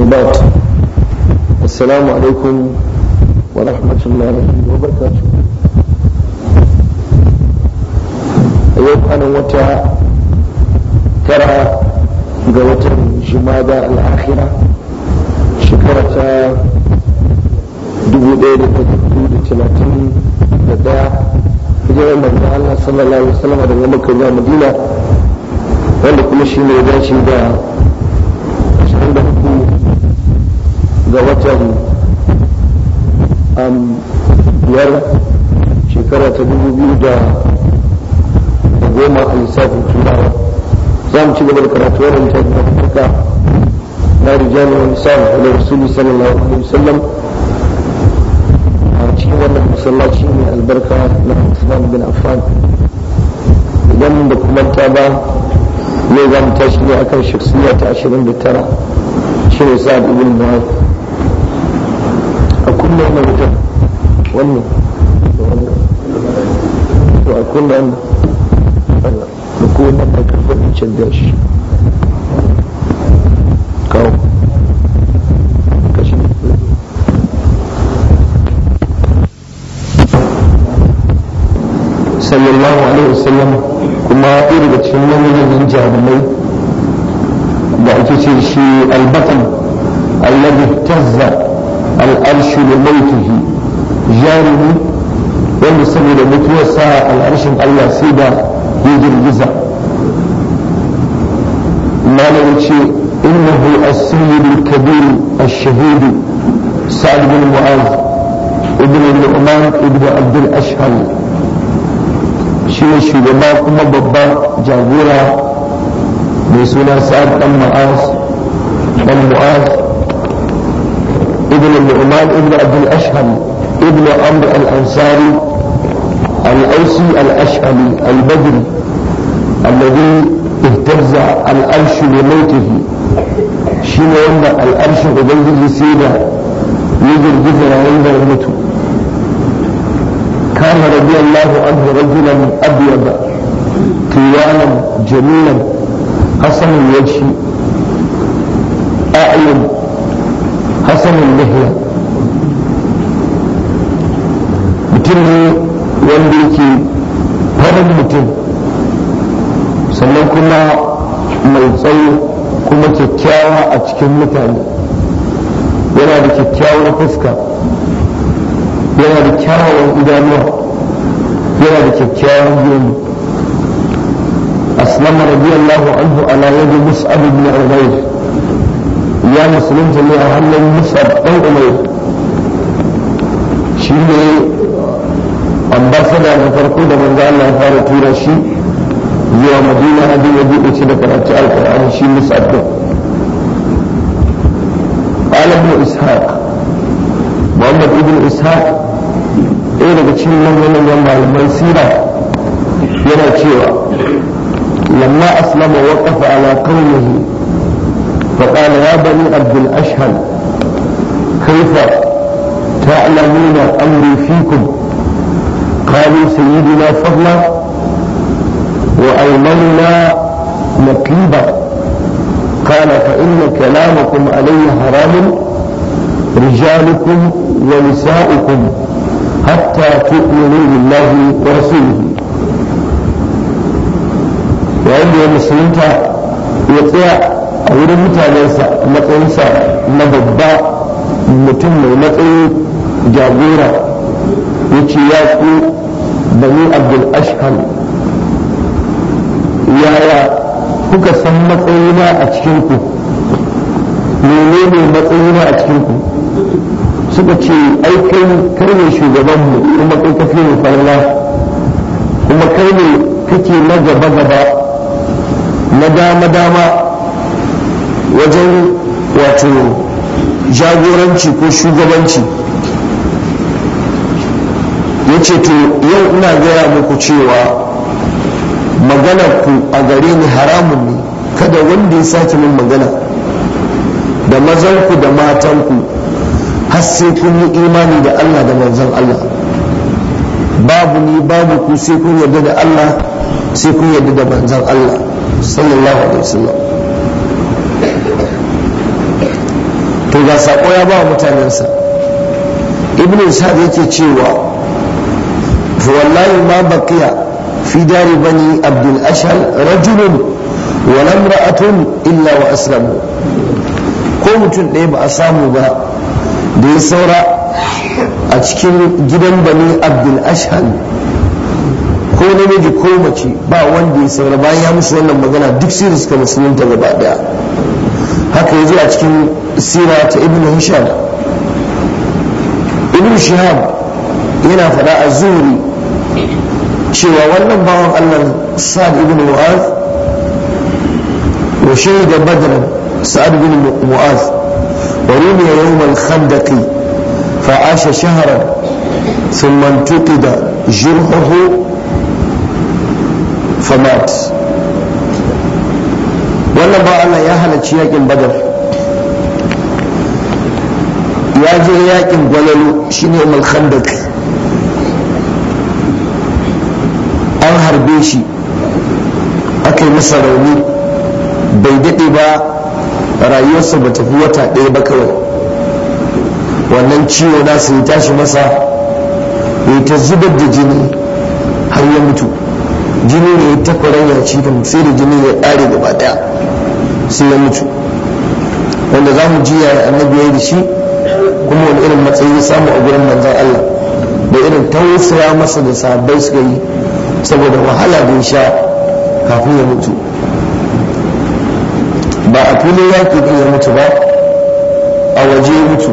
وبعد السلام عليكم ورحمة الله وبركاته يوم أنا وتا ترى قوة جمادى الآخرة شكرة dubu ɗaya da tattu da da Allah sallallahu alaihi wasallam zuwa Madina wanda kuma shi ne dace da ga watan um, biyar shekara ta dubu biyu da goma a lissafin turawa za mu ci gaba da karatu wannan ta duka na wani sa, nisan ala rasuli sallallahu alaihi wasallam a cikin wannan masallaci ne albarka na Usman bin Affan idan da kuma ta ba ne za mu tashi ne akan shakhsiyya ta 29 shi ne sa'ad ibn Mu'adh كل ما ذكر والله كل نكون ما كفر من كاو صلى الله عليه وسلم كما يريد تشمل من جهة da ake ce shi albatan allazi al'arshi da maitihi jarumi wanda saboda mutuwar sa al'arshin Allah sai da ya girgiza malam ce innahu as-sayyid al-kabir ash-shahid sa'd bin mu'az ibn al-nu'man ibn abd al-ashhal shi ne shugaba kuma babba jagora mai suna sa'ad dan mu'az dan بن النعمان بن عبد الأشهم ابن عمرو الأنصاري الأوسي الأشهمي البدري الذي اهتز الأرش بموته شنو يمنع الأرش وبنجي سيدة يجر جزر عند الموت كان رضي الله عنه رجلا أبيض طيالا جميلا حسن الوجه أعلم hasan al mutum ne wanda yake farin mutum sannan kuma mai tsawo kuma kyakkyawa a cikin mutane yana da kyakkyawar fuska yana da kyawawan idanuwa yana da kyakkyawan gemu أسلم رضي الله عنه على يد مصعب بن عمير ya musulunta ne a hannun musab umar shi ne ambasada na farko da manzo Allah ya fara tura shi zuwa madina abin ya shi da karatu alƙur'ani shi musab قال ابن إسحاق محمد ابن إسحاق ɗaya daga cikin manyan malaman sira yana cewa lamma aslama waqafa ala qaumihi بني عبد الأشهل كيف تعلمون أمري فيكم قالوا سيدنا فضلا وأيمنا نقيبا قال فإن كلامكم علي حرام رجالكم ونساؤكم حتى تؤمنوا بالله ورسوله وعند المسلمين يطيع a wurin mutanensa matsayinsa na babba mutum mai matsayin jagora ya ce ya ku bani abdul ashkan yaya kuka san matsayina a cikinku menene matsayina a cikinku suka ce ai kai ne shugabanmu kuma kai kafi mu farla kuma kai ne kake na gaba gaba na dama dama wajen wato jagoranci ko shugabanci ya ce to yau ina gaya muku cewa magana ku a gare ni haramun ne kada wanda ya sake min magana da mazanku da matanku har sai kun yi imani da Allah da manzon Allah babu ni babu ku sai kun yarda da Allah sai kun yarda da manzon Allah sallallahu alaihi wasallam to ga sako ya ba mutanensa ibn sa'ad yake cewa to wallahi ma baqiya fi dari bani abdul ashal rajulun wa ra'atun illa wa aslamu ko mutum ɗaya ba a samu ba da ya saura a cikin gidan bani abdul ashal ko namiji ko mace ba wanda ya saura bayan ya musu wannan magana duk sai suka musulunta gaba daya haka yazo a cikin sira ta ibn hisham ibn shihab yana faɗa a zuri cewa wannan bawan allah sa'ad ibn mu'az wa shaida badran sa'ad ibn mu'az wa rumiya yawm al-khandaqi fa asha shahran ثم انتقد جرحه فمات wannan ba Allah ya halarci yakin badar ya je yakin gwalalu shine malkhandak umm an harbe shi aka yi masa rauni bai daɗe ba rayuwarsa ba tafi wata ɗaya ba kawai wannan ciwo na su tashi masa ya ta zubar da jini har ya mutu jini ne ya takwarar ya ci da sai da jini ya ƙare gaba ɗaya sai ya mutu wanda za mu jiya ya annabi yayi da shi kuma wani irin matsayi ya samu a gurin manzon Allah da irin tausaya masa da sahabbai suka yi saboda wahala da ya sha kafin ya mutu ba a filin yaƙi ɗin ya mutu ba a waje ya mutu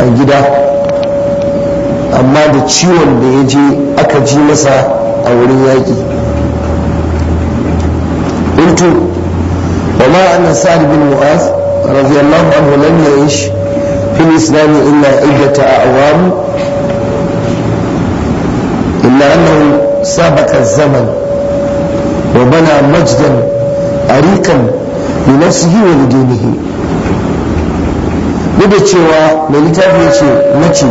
a gida amma da ciwon da ya je aka ji masa a wurin yaƙi وما أن سعد بن معاذ رضي الله عنه لم يعيش في الإسلام إلا عدة أعوام إلا أنه سابق الزمن وبنى مجدا عريقا لنفسه ولدينه duk da cewa mai littafi ya ce mace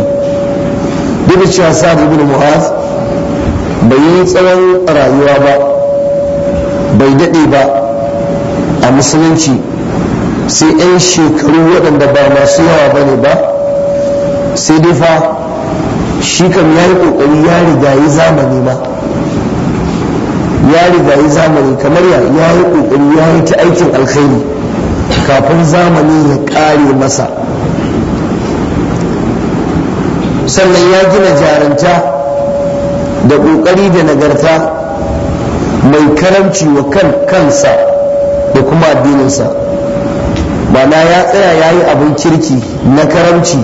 duk da cewa sa'ad ibn mu'az bai yi tsawon rayuwa ba bai daɗe ba a musulunci sai 'yan shekaru waɗanda ba masu yawa ba ne ba sai dai fa shi kam ya yi ƙoƙari ya rigayi zamani ba ya yi zamani kamar ya yi ƙoƙari ya yi ta aikin alkhairi kafin zamani ya ƙare masa sannan ya gina jaranta da ƙoƙari da nagarta mai karamci wa kan kansa kuma addininsa mana ya tsaya ya yi abin kirki na karamci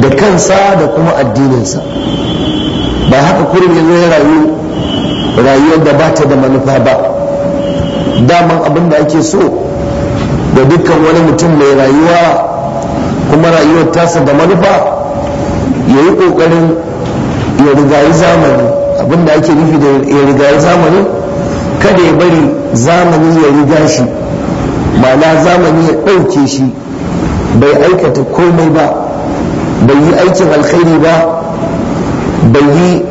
da kansa da kuma addininsa ba haka kurin yanzu ya rayu rayuwar da ba ta da manufa ba daman abin da ake so da dukkan wani mutum mai rayuwa kuma rayuwar tasa da manufa ya yi ƙoƙarin ya rigayi zamani abin da ake nufi da ya rigayi zamani kada ya bari zamani ya riga shi na zamani ya ɗauke shi bai aikata komai ba bai yi aikin alkhairi ba bai yi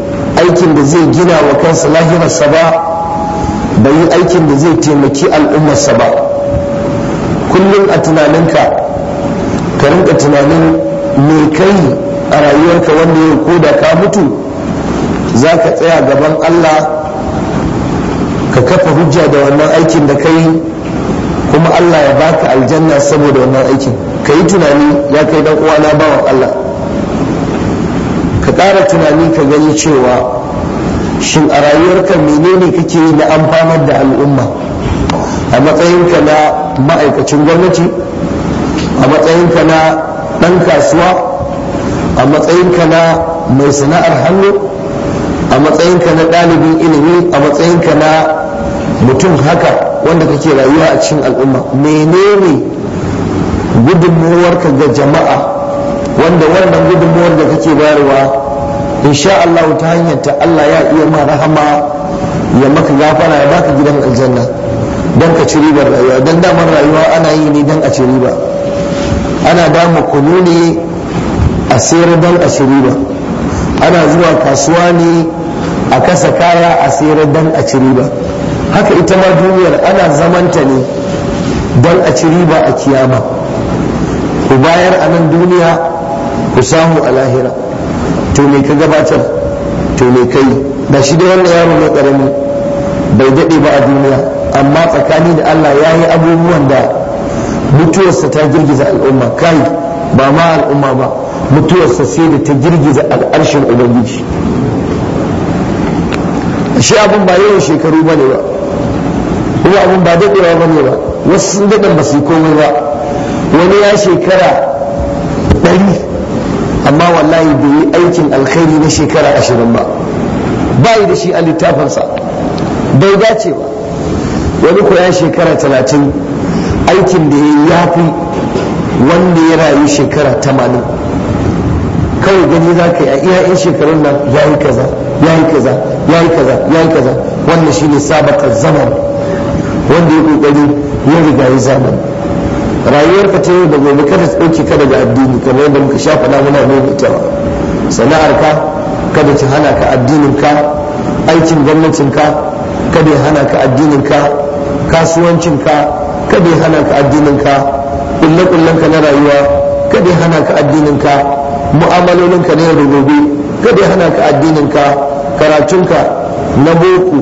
aikin da zai gina wa kansa lahirarsa ba bai yi aikin da zai taimaki al'ummarsa ba kullum a tunaninka ka rinka tunanin me kai a rayuwarka wanda ya koda ka mutu za ka tsaya gaban allah ka kafa hujja da wannan aikin da kai kuma Allah ya baka aljanna saboda wannan aikin ka yi tunani ya kai dan uwana bawan Allah ka ƙara tunani ka gani cewa shin a rayuwarka menene kake yi na amfanar da al'umma a matsayinka na ma'aikacin gwamnati a matsayinka na ɗan kasuwa a matsayinka na mai sana'ar hannu a matsayinka na ɗalibin ilimi a matsayinka na mutum haka wanda kake rayuwa a cikin al'umma menene gudunmuwarka ga jama'a wanda wannan gudunmuwar da kake bayarwa insha Allah ta hanyar ta Allah ya iya ma rahama ya maka gafara ya baka gidan aljanna don ka ci ribar rayuwa don damar rayuwa ana yi ne don a ci riba ana dama kunu ne a sayar don a ci riba ana zuwa kasuwa ne a kasa kaya a sayar don a ci riba haka ita ma duniyar ana zamanta ne don a ci riba a kiyama ku bayar a nan duniya ku samu a lahira to me ka gabatar to me kai ba shi da wanda yaro ne karami bai daɗe ba a duniya amma tsakani da Allah ya yi abubuwan da mutuwarsa ta girgiza al'umma kai ba ma al'umma ba mutuwarsa sai da ta girgiza al'arshin ubangiji shi abin ba yawan shekaru ba ne ba abin ba daɗewa ba ne ba wasu sun daɗin ba su yi komai ba wani ya shekara ɗari amma wallahi bai yi aikin alkhairi na shekara ashirin ba ba yi da shi a littafinsa bai dace ba wani ko ya shekara talatin aikin da ya fi wanda ya rayu shekara tamanin kawai gani za ka yi a iya in shekarun nan ya yi kaza ya yi kaza ya yi kaza ya yi kaza wannan shine sabakar zaman wanda ya kokari ya riga ya Rayuwar ka ta yau da gobe kada ta ɗauki ka daga addini kamar yadda muka sha faɗa muna sana'ar sana'arka kada ta hana ka addinin ka aikin gwamnatin ka, kada ya hana ka addinin ka Kasuwancin ka, kada ya hana ka addinin ka kullakullan ka na rayuwa kada ya hana ka addinin addininka mu'amalolinka na yau da gobe kada ya hana ka addinin karatun karatunka na boko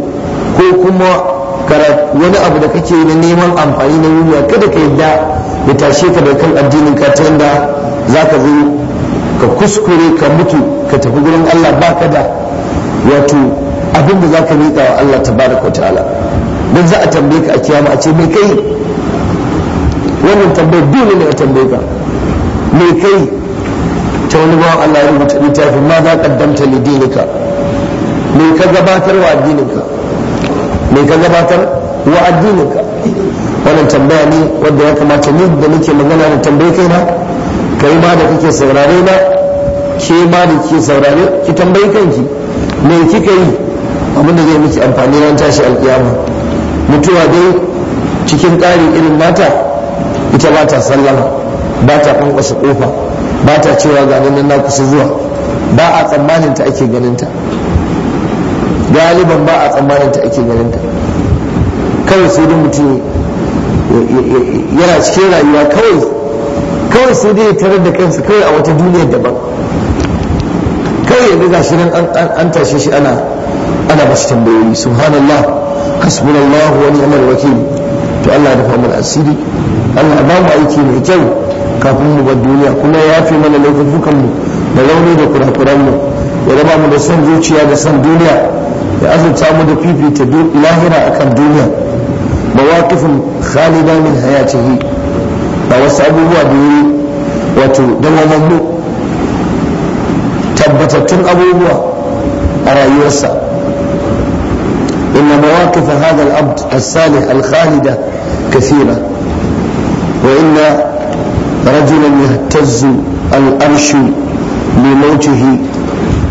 ko kuma wani abu da kake na neman amfani na duniya kada ka yadda da tashe ka da kan addinin ka ta yadda za ka zo ka kuskure ka mutu ka tafi gurin Allah ba ka da wato abin da za ka miƙa wa Allah ta tabaraka ta'ala don za a tambaye ka a kiyama a ce me kai wannan tambayar dole ne a tambaye ka me kai ta wani bawan Allah ya rubuta littafin ma za ka damta dinika me ka gabatar wa addininka mai ka gabatar wa addininka wannan tambaya ne wanda ya kamata ni da muke magana da tambaye kaina kai ma da kake saurare na ke ma da kike saurare ki tambayi kanki me kika yi abinda zai miki amfani ran tashi alkiyama mutuwa dai cikin tsarin irin mata ita ba ta sallama ba ta kwankwasa kofa ba ta cewa ga nan na kusa zuwa ba a tsammanin ta ake ganinta. galiban ba a tsammanin ta ake ganin ta kawai sai dai mutum yana cikin rayuwa kawai kawai sai dai tarar da kansa kawai a wata duniyar daban kawai yanzu ga shi an tashe shi ana ana masu tambayoyi subhanallah hasbunallah wa ni'mal wakil to Allah ya dafa mana asiri Allah ba mu aiki mai kyau kafin mu bar duniya kuma ya fi mana laifukan mu da rauni da kurakuran mu ya raba mu da son zuciya da son duniya ya azurta mu da fifita lahira akan duniya mawaqifin khalida min hayatihi ba wasu abubuwa biyu wato dawamammu tabbatattun abubuwa a rayuwarsa inna mawaqif hadha al-abd as-salih al-khalida kathira wa inna rajulan yahtazzu al-arshu li mawtihi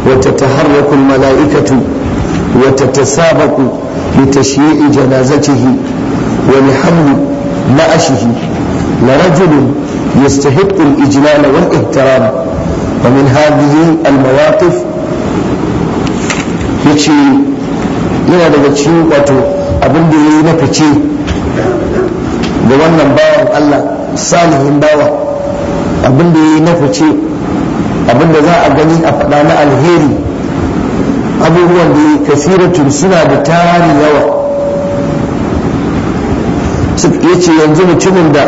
وتتحرك الملائكه وتتسابق لتشييع جنازته ولحمل نعشه لرجل يستحق الإجلال والاحترام ومن هذه المواقف yace yana daga cikin wato abin da yayi na fice ga wannan bawan Allah salihin bawa abin da yayi na fice abin da za a gani a faɗa na alheri abubuwan da ya kasiratun suna da tari yawa ya ce yanzu mutumin da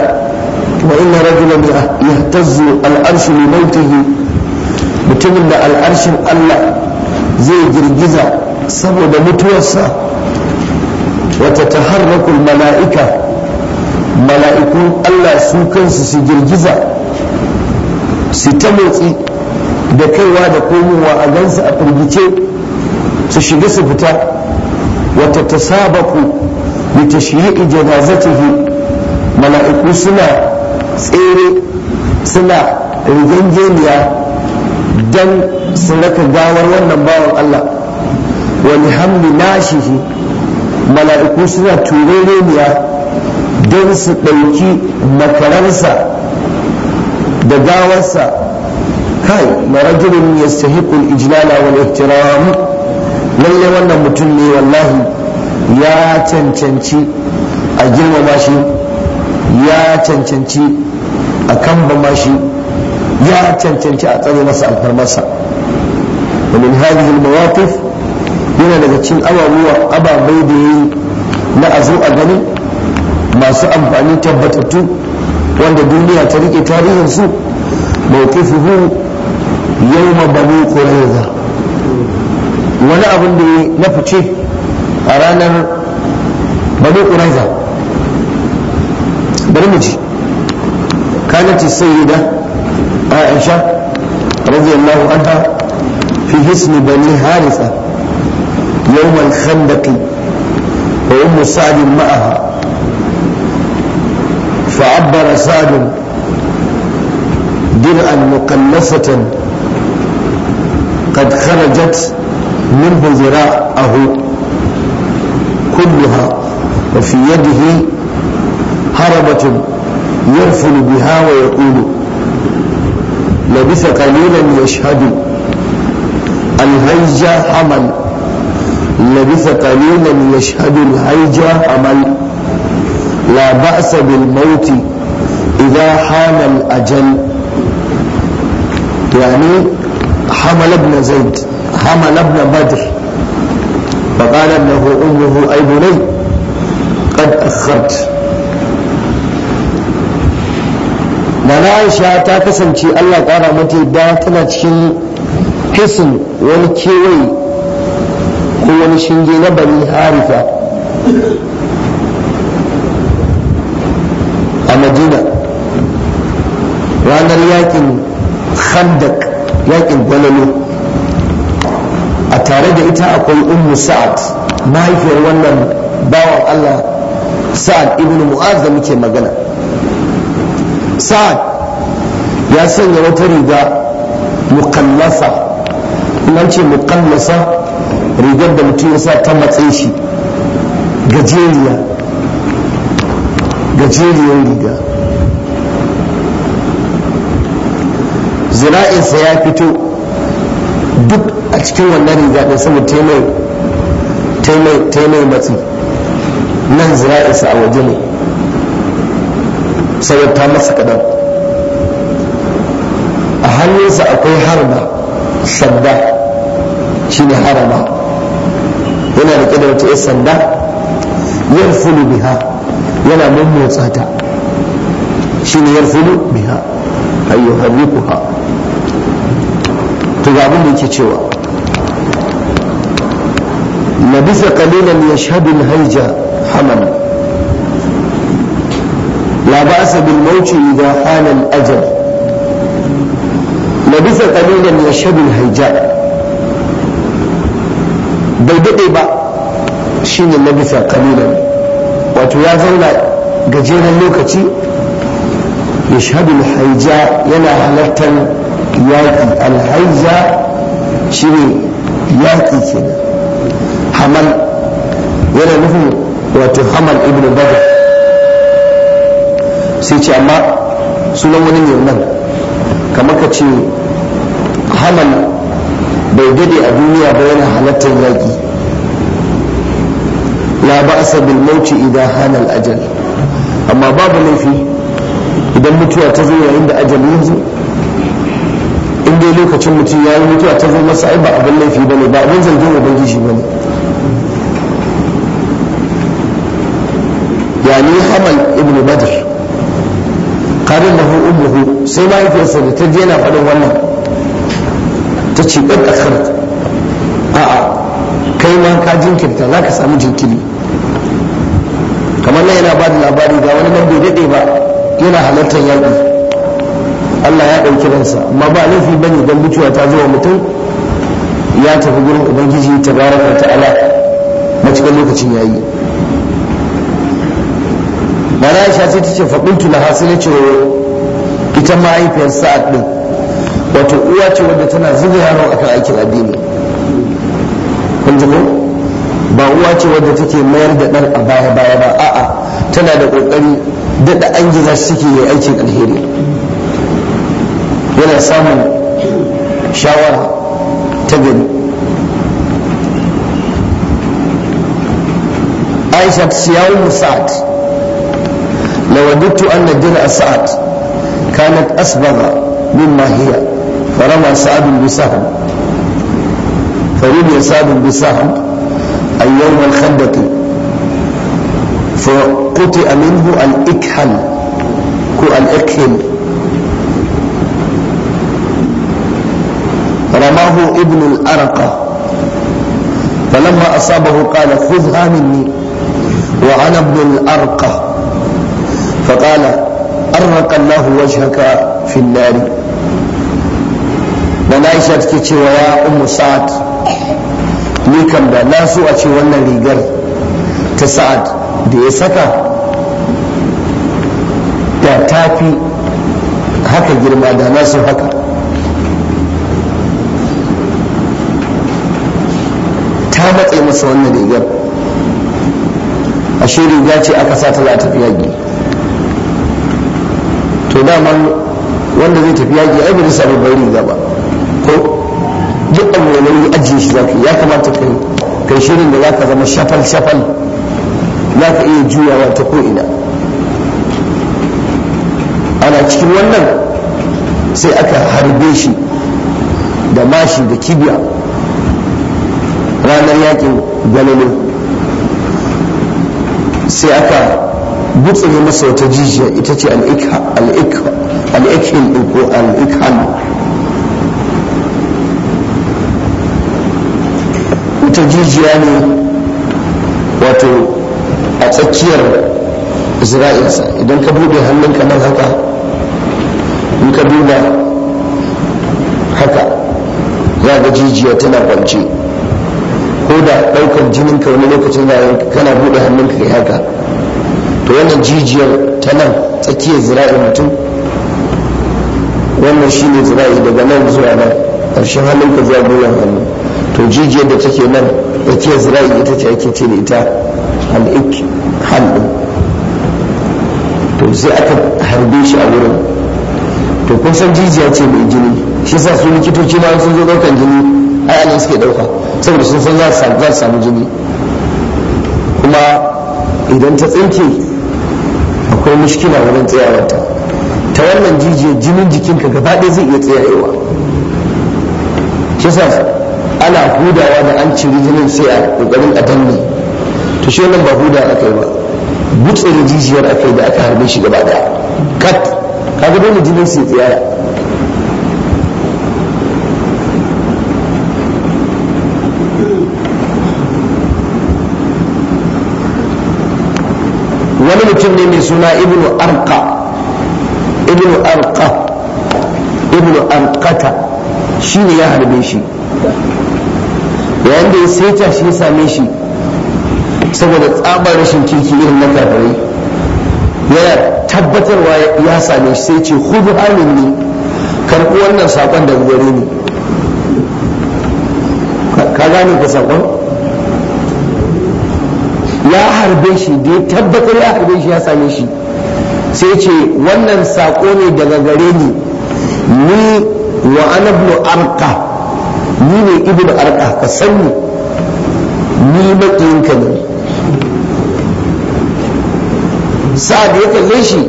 wa inna rajulan yahtazzu al'arshu li mautihi mutumin da al'arshin Allah zai girgiza saboda mutuwarsa wata ta taharrakul mala'ika mala'ikun Allah su kansu su girgiza su ta motsi da kaiwa da komowa a gansu a firgice su shiga su fita wata ta tasabaku bi ta janazatihi mala'iku suna tsere suna rigangeniya don su raka gawar wannan bawan Allah wani hamli nashihi mala'iku suna turereniya don su ɗauki makararsa da gawarsa kai marajulun yastahiqul ijlala wal ihtiram lallai wannan mutum ne wallahi ya cancanci a girmama shi ya cancanci a kambama shi ya cancanci a tsare masa alfarmarsa ومن ya المواقف yana daga cikin ababai da yi na azu a gani masu amfani tabbatattu wanda duniya ta rike tarihin su mawqifuhu yawma bani qurayza wani abin da ya na fice a ranar bani ƙuraiza bari mu ji kanati sayyida aisha radiyallahu anha fi hisni bani harisa يوم الخندق وأم سعد معها فعبر سعد درعا مقلصة قد خرجت منه ذراعه كلها وفي يده هربة يرفل بها ويقول لبث قليلا يشهد الهيجة حمل لبث قليلا يشهد الهيجة حمل لا بأس بالموت إذا حان الأجل يعني حمل ابن زيد حمل ابن بدر فقال له أمه أي بني قد أخرت Nana Aisha ta kasance Allah ƙara mata yadda tana cikin kisin wani kewaye ko wani shinge na bani harifa a Madina ranar yakin khandak yakin gwalolo a tare da ita akwai ummu sa'ad mahaifiyar wannan bawan Allah sa'ad ibn mu'az da muke magana sa'ad ya sanya wata riga mukallasa nan ce mukallasa rigar da mutum ya sa ta matse shi gajeriya gajeriyar riga zira'insa ya fito duk a cikin wannan riga ɗin taimai matsi nan zira'insa a waje ne sai ta masa kadan a hannunsa akwai harba shi ne harama yana da da wata sanda fulu biha yana mummotsa ta shine yarfulu biha ay ha. to ga abin da yake cewa labisa qalilan yashhadu al-hayja hamal la ba'sa bil mawt idha hala al-ajal labisa qalilan yashhadu al-hayja bai dade ba shine labisa qalilan wato ya zauna gajeren lokaci yashhadu al-hayja yana halartar yaƙi alhaiza shi ne yaƙi ke hamal yana nufin wato hamal ibn badar sai ce amma sunan wani ne nan kamar ka ce hamal bai dade a duniya ba yana halattar yaƙi. la ba'sa bil mauti idan hana al amma babu laifi idan mutuwa ta zo yayin da ajali ya zo in dai lokacin mutum ya yi mutuwa ta zo masa ai ba abin laifi ba ne ba abin zargin ubangiji ba ne yani hamal ibn badr karin da hu hu sai mahaifiyarsa da ta yana faɗin wannan ta ce ɗan ƙasar a'a kai ma ka jinkirta za ka samu jinkiri kamar nan yana ba da labari ga wani nan bai daɗe ba yana halartar yaƙi Allah ya ɗauki ransa amma ba laifi ne don mutuwa ta zuwa mutum ya tafi gurin ubangiji tabaraka ta'ala cikin lokacin yayi mana aisha sai ta ce faɗintu na hasu na cewa ita mahaifiyar sa'ad ɗin wato uwa ce wadda tana zuba yaro akan aikin addini kun ji ko ba uwa ce wadda take mayar da ɗan a baya baya ba a'a tana da ƙoƙari daɗa an gizar suke yi aikin alheri ولا صام شاور تبن عائشة سياو سعد لو وجدت أن درع سعد كانت أسبغ مما هي فرمى سعد بسهم فرمي سعد بسهم اليوم الخندق فقطع منه الإكحل كو الإكحل له ابن الأرقة فلما أصابه قال خذها مني وأنا ابن الأرقة فقال أرق الله وجهك في النار من عائشة كتشي أم سعد ليكم دا لا سوء أتشي ولا ليقر تسعد دي سكا تاتاكي هكا جرما دا ناسو هكا ta matse masa wannan rigar shirin riga ce aka sa ta za a tafi yaƙi to dama wanda zai tafi yaƙi ai bari sa bari riga ba ko duk abu yi ajiye shi zafi ya kamata kai kai shirin da zaka zama shafal shafal ka iya juyawa ta ko ina ana cikin wannan sai aka harbe shi da mashi da kibiya ranar yakin galilu sai aka gutsure masa wata jijiya ita ce al'ikhin ko al'ikhan wata jijiya ne wato a tsakiyar zira'insa idan ka bude hannunka nan haka in ka duba haka za ga jijiya tana kwance ko da ɗaukar jinin ka wani lokacin da kana buɗe hannunka ka haka to wannan jijiyar ta nan tsakiyar zira'i mutum wannan shi ne zira'i daga nan zuwa nan ƙarshen hannunka zuwa goyon hannu to jijiyar da take nan tsakiyar zira'i ita ce ake ce da ita hal'ik hal'in to sai aka harbe shi a wurin to kun san jijiya ce mai jini shi sa su likitoci ma sun zo ɗaukar jini ai anan suke ɗauka saboda sun san za su samu jini kuma idan ta tsinke akwai mushkila wurin tsayawarta ta wannan jijiyar jinin jikinka gaba ɗaya zai iya tsayayewa kisa ana hudawa da an ciri jinin sai a ƙoƙarin a danne to shi wannan ba huda aka yi ba gutsere jijiyar aka yi da aka harbe shi gaba ɗaya kat kaga dole jinin sai tsayaya wani mutum ne mai suna ibnu arka ibnu arka ibnu arkata shi ne ya harbe shi yayin da ya saita shi ya same shi saboda tsabar rashin kirki irin na kafirai yana tabbatarwa ya same shi sai ce hudu halin ne karɓi wannan saƙon daga gare ni ka gane ka saƙon ya harbe shi da ya tabbatar ya harbe shi ya same shi sai ce wannan saƙo ne daga gare ni ni wa anablu arka ni ne ibin arka ka sanni ni ka ne sa'ad ya kalle shi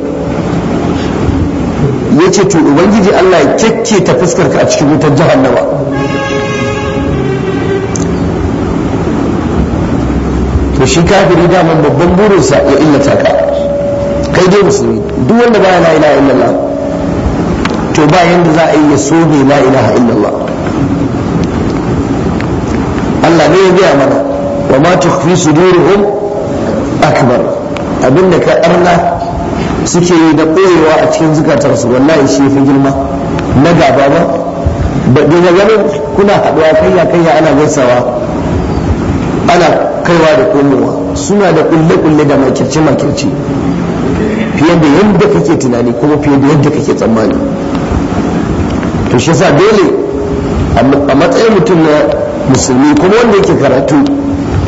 ya ce to ubangiji Allah ya kyakke ta fuskar a cikin wutar jahannama shi kafiri daman babban burinsa ya illata ka kai dai musulmi duk wanda baya la ilaha illallah to ba yanda za a yi ya so la ilaha illallah Allah ne ya gaya mana wa ma tukhfi sudurihum akbar abinda ka arna suke yi da koyewa a cikin zukatarsu wallahi shi fi girma na gaba ba da ganin kuna haɗuwa kayya kayya ana gaisawa ana kaiwa da komowa suna da kulle-kulle da makirce-makirce fiye da yadda kake tunani kuma fiye da yadda kake tsammani to shi sa dole a matsayin mutum na musulmi kuma wanda yake karatu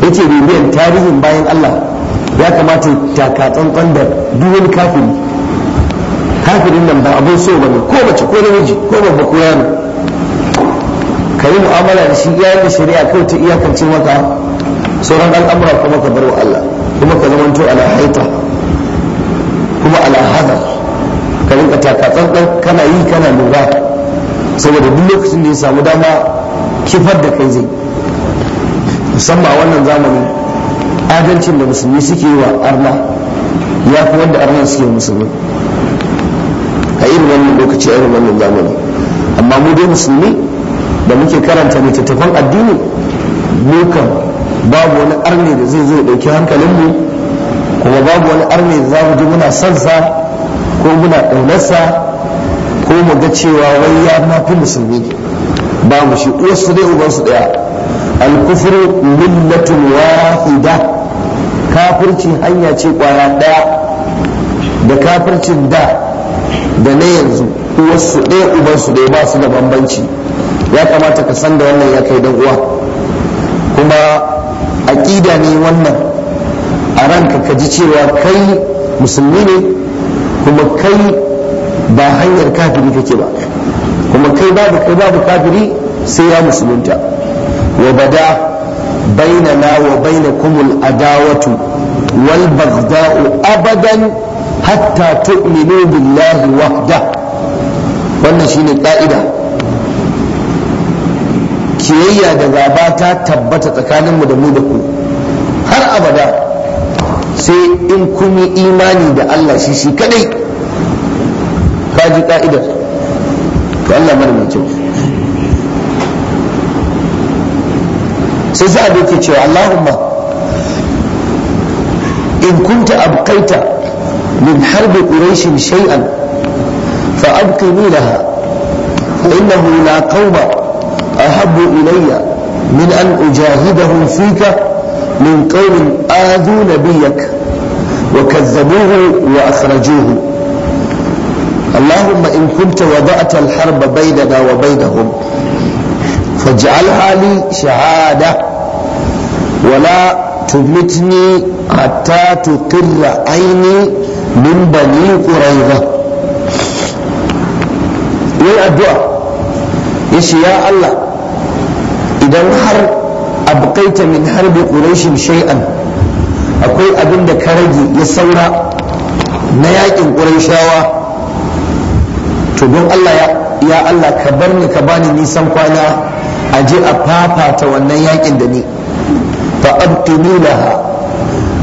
yake bibiyan tarihin bayan Allah ya kamata taka tsantsan da duk wani kafiri kafirin nan ba abin so bane ko mace ko namiji ko babba ko yaro ka yi mu'amala da shi yayin da shari'a kai ta iyakance maka sauran al'amura kuma ka bar wa Allah kuma ka zamanto ala haita kuma ala hada ka rinka takatsantsan kana yi kana lura saboda duk lokacin da ya samu dama kifar da kai zai musamman wannan zamani adalcin da musulmi suke yi wa arna ya fi wanda arna suke musulmi a irin wannan lokaci a irin wannan zamani amma mu dai musulmi da muke karanta littattafan addini mukan babu wani arne da zai zai dauki hankalinmu kuma babu wani arne da za mu ji muna son sa ko muna ɗaunarsa ko mu ga cewa wai ya mafi musulmi ba mu shi uwarsu dai ubansu ɗaya alkufru millatun wahida kafirci hanya ce kwaya ɗaya da kafircin da da na yanzu uwarsu ɗaya ubansu ɗaya ba su da bambanci ya kamata ka san da wannan ya kai dan uwa kuma aƙida ne wannan a ranka ka ji cewa kai musulmi ne kuma kai ba hanyar kafiri kake ba kuma kai babu kai babu kafiri sai ya musulunta wa bada بيننا وبينكم الأداوة والبغضاء abadan hatta تؤمنوا بالله وحده wannan shine ka'ida kiyayya da gaba ta tabbata tsakaninmu da mu da ku har abada sai in kuni imani da Allah shi shi kadai ka ji ka'idar to Allah mara mai kyau sai za a yake cewa Allahumma in kunta abqaita min harbi quraish shay'an fa abqini laha إنه لا قوم أحب إلي من أن أجاهدهم فيك من قوم آذوا نبيك وكذبوه وأخرجوه اللهم إن كنت وضعت الحرب بيننا وبينهم فاجعلها لي شهادة ولا تمتني حتى تقر عيني من بني قريظة يا الدعاء يا الله إذا har أبقيت min harbi قريش شيئا akwai أبن da يسورا rage ya saura na yakin يا الله كبرني Allah ya ya أجي ka bar ni ka bani nisan kwana a wannan yakin da ni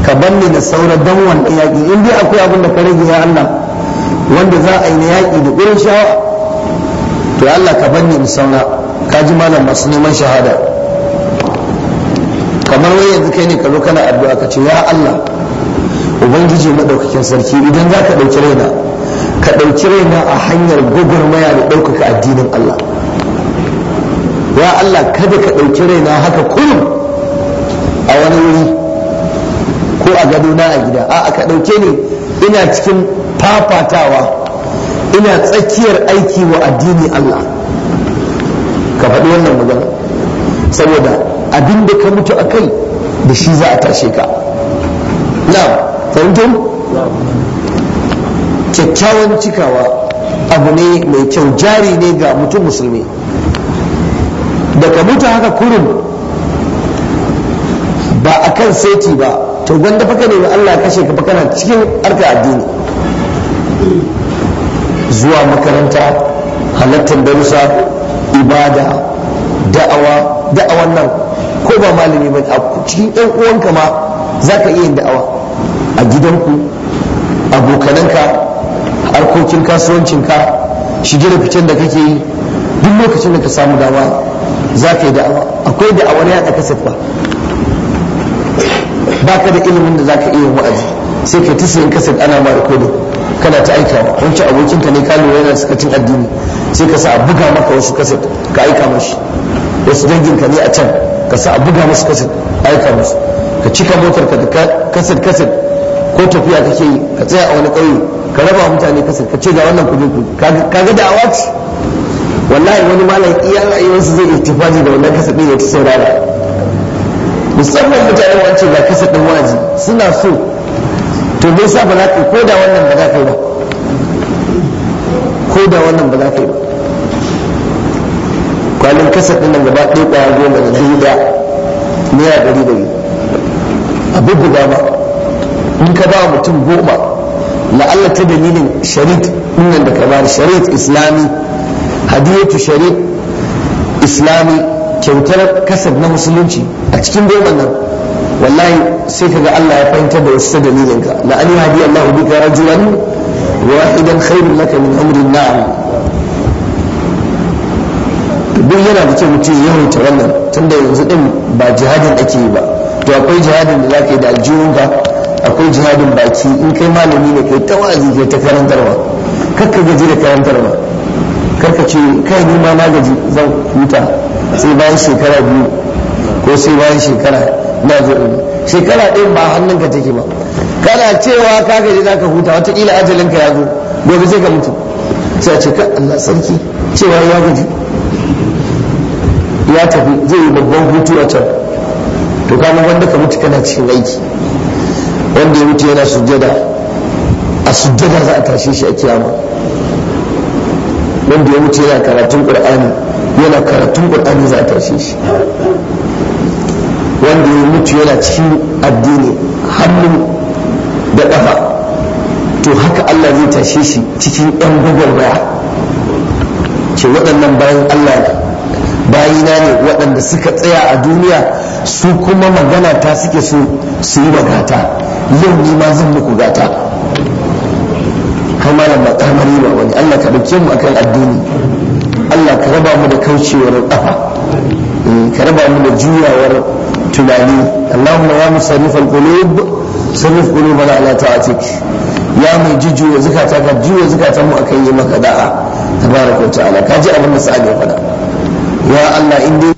ka bar ni na saura dan wannan in dai akwai abin ka rage Allah wanda za yi na yaki da to Allah ka bar saura ka malam masu neman shahada kamar wai yanzu kai ne ka zo kana addu'a ka ce ya Allah ubangiji madaukakin sarki idan za ka ɗauki raina ka ɗauki raina a hanyar gwagwarmaya da ɗaukaka addinin Allah ya Allah kada ka ɗauki raina haka kullum a wani wuri ko a gado na a gida a'a ka ɗauke ni ina cikin fafatawa ina tsakiyar aiki wa addini Allah ka faɗi wannan magana saboda abin da ka mutu a kai da shi za a tashe ka na fahimtum kyakkyawan cikawa abu ne mai kyau jari ne ga mutum musulmi da ka mutu haka kurum ba a kan saiti ba to gwanda faka ne Allah kashe ka kana cikin arka addini zuwa makaranta halattar darussa ibada da'awa da'awan nan ko ba malami ba a cikin yan uwanka ma za ka iya yin da'awa a gidanku abokananka harkokin kasuwancinka shige da fitan da kake yi duk lokacin da ka samu dama za ka yi da'awa akwai da'awar yaɗa kasaf ba ba ka da ilimin da za ka iya wa'azi sai ka yin kasaf ana ma rikodin kana ta aika wancan abokinka ne ka lura yana sakacin addini sai ka sa a buga maka wasu kasaf ka aika mashi wasu danginka ne a can ka sa a buga musu kasid aika musu ka cika motar ka kasid kasid ko tafiya kake yi ka tsaya a wani ƙauye ka raba wa mutane kasid ka ce ga wannan kudin ku ka ga da'awa ce wallahi wani malam iya rayuwarsa zai ittifaji da wannan kasid ɗin ya ta saurara musamman mutane wance ga kasid ɗin waji suna so to bai sa ba za ka ko da wannan ba za ka yi ba ko da wannan ba za ka yi ba kwalin kasar ɗin nan gaba ɗaya ƙwaya goma da dubu da naira ɗari ɗari a bubbuga ma in ka ba mutum goma la'alla ta dalilin sharit ɗin da kamar sharit islami hadiyatu sharit islami kyautar kasar na musulunci a cikin goma nan wallahi sai kaga Allah ya fahimtar da wasu dalilin ka la'ani hadi Allah bika rajulan wahidan khairun laka min amrin na'am duk yana da kyau mutum ya yawaita wannan tunda yanzu din ba jihadin ake yi ba to akwai jihadin da zaka yi da aljihun ka akwai jihadin baki in kai malami ne kai ta wa'azi kai ta karantarwa kakka gaji da karantarwa karka ce kai ni ma na gaji zan huta sai bayan shekara biyu ko sai bayan shekara na zo shekara ɗin ba hannunka take ba kana cewa ka gaji za ka huta wataƙila ajalinka ya zo gobe sai ka mutu sai a ce ka Allah sarki cewa ya gaji ya tafi zai yi babban hutu a can to kama wanda ka mutu kana cikin aiki wanda ya mutu yana sujjada a sujjada za a tashe shi a kiyama wanda ya mutu yana karatun ƙur'ani, yana karatun ƙur'ani za a tashe shi wanda ya mutu yana cikin addini hannun da ƙafa to haka Allah zai tashe shi cikin 'yan gwagwarmaya ce waɗannan bayan Allah ne bayina ne waɗanda suka tsaya a duniya su kuma magana ta suke so su yi gata yau ni ma zan muku gata kai malam ba kamari ba wani Allah ka dauke mu akan addini Allah ka raba mu da kaucewar ƙafa eh, ka raba mu da juyawar tunani Allahumma ya musarrif al-qulub sarrif qulubana ala ta'atik ya mai jujjuya zakata ka juya zakatan mu akan yi maka da'a tabaraka ta'ala kaji abin da sa'a ya faɗa ya Allah in dai